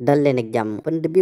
dal leen ak jàmm pënd bi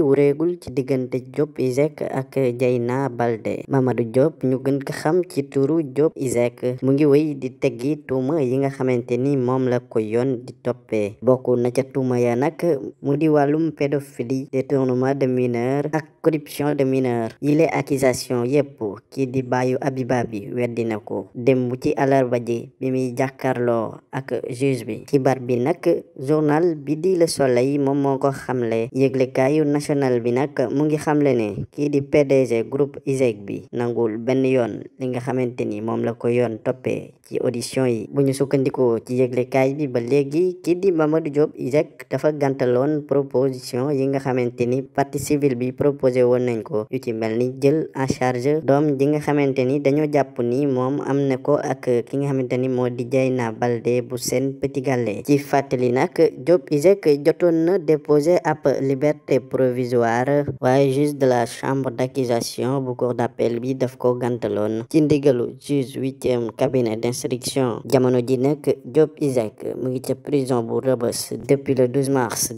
ci diggante Diop Iseg ak Dieyna Baldé Mamadou Diop ñu gën ko xam ci turu Diop Iseg mu ngi wéy di teggi tuuma yi nga xamante ni moom la ko yoon di toppee bokk na ca tuma ya nag mu di wàllum pédophilie détournement de mineur ak corruption de mineurs yi les accusation yépp kii di baayu Abiba bi weddi na ko démb ci àllarba ji bi muy jàkkaarloo ak juge bi xibaar bi nag journal bi di Le Soleil moom moo ko xam xamle yëglekaayu national bi nag mu ngi xamle ne kii di PDG groupe ISEG bi nangul benn yoon li nga xamante ni moom la ko yoon toppee ci audition yi bu ñu sukkandikoo ci yëglekaay bi ba léegi kii di Mamadou Diop ISEG dafa gàntaloon proposition yi nga xamante bi proposé proposé woon nañ ko yu ci mel ni jël en charge doom ji nga xamante ni dañoo jàpp ni moom am na ko ak ki nga xamante ni moo di Dieyna Baldé bu Sen Petit Gallé ci fàttali nag Diop ISEG jotoon na déposé ab liberté provisoire waaye juge de la chambre d'accusation bu cour d'appel bi daf ko gàntaloon ci ndigalu juge huitième cabinet d'instruction jamono ji nag Diop ISEG mu ngi ca prison bu Rebeuss depuis le mars